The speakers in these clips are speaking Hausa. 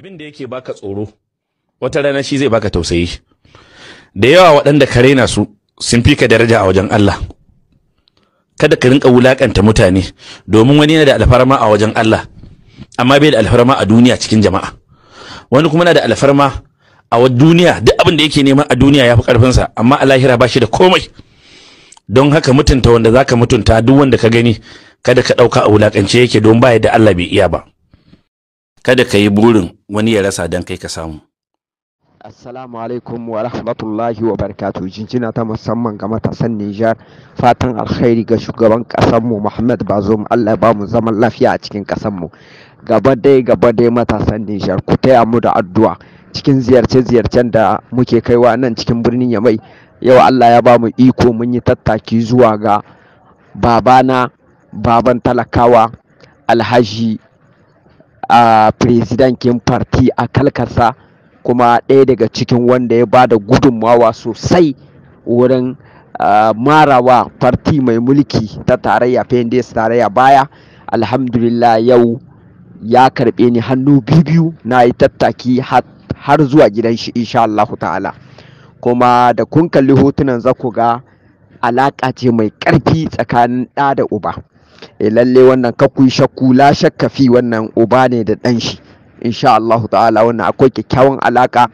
abin da yake baka tsoro wata rana shi zai baka tausayi da yawa waɗanda ka raina su sun fi ka daraja a wajen Allah kada ka rinka wulakanta mutane domin wani yana da alfarma a wajen Allah amma bai da alfarma a duniya cikin jama'a wani kuma na da alfarma a duniya duk abin da yake nema a duniya ya fi karfinsa amma a lahira ba shi da komai don haka mutunta wanda zaka mutunta duk wanda ka gani kada ka ɗauka a wulakance yake don baya da Allah bai iya ba kada ka yi burin wani ya rasa don kai ka samu Assalamu alaikum wa rahmatullahi wa barakatuh jinjina ta musamman ga matasan Nijar fatan alkhairi ga shugaban kasanmu Muhammad Bazoum Allah ba mu zaman lafiya a cikin kasanmu gaba dai gaba dai matasan Nijar ku taya mu da addu'a cikin ziyarce-ziyarcen da muke kaiwa nan cikin birnin Yamai yau Allah ya ba mu iko mun yi tattaki zuwa ga babana baban talakawa Alhaji a kin farti a kalkasa kuma ɗaya daga cikin wanda ya ba da gudunmawa sosai wurin marawa farti mai mulki ta tarayya su tarayya baya alhamdulillah yau ya karɓe ni hannu biyu na yi tattaki har zuwa gidan shi insha Allah ta'ala kuma da kun kalli hotunan za ku ga alaƙa ce mai ƙarfi tsakanin ɗa da uba e lalle wannan kakuyi shakku la shakka fi wannan uba ne da ɗan shi insha Allah ta'ala wannan akwai kyakkyawan alaka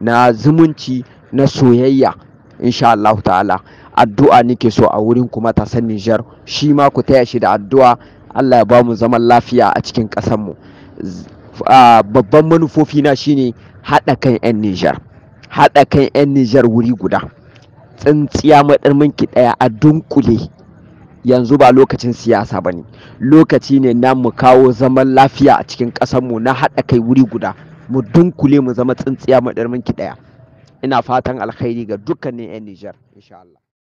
na zumunci na soyayya insha Allah ta'ala addu'a nake so a wurin kuma san Nijar shi ma ku taya shi da addu'a Allah ya ba mu zaman lafiya a cikin ƙasar mu babban manufofi na shine haɗa kan 'yan Nijar haɗa kan 'yan Nijar wuri guda tsintsiya ki ɗaya a dunkule yanzu ba lokacin siyasa ba ne lokaci ne na mu kawo zaman lafiya a cikin ƙasarmu na haɗa kai wuri guda mu dunkule mu zama tsintsiya ki ɗaya ina fatan alkhairi ga dukkanin 'yan nijar insha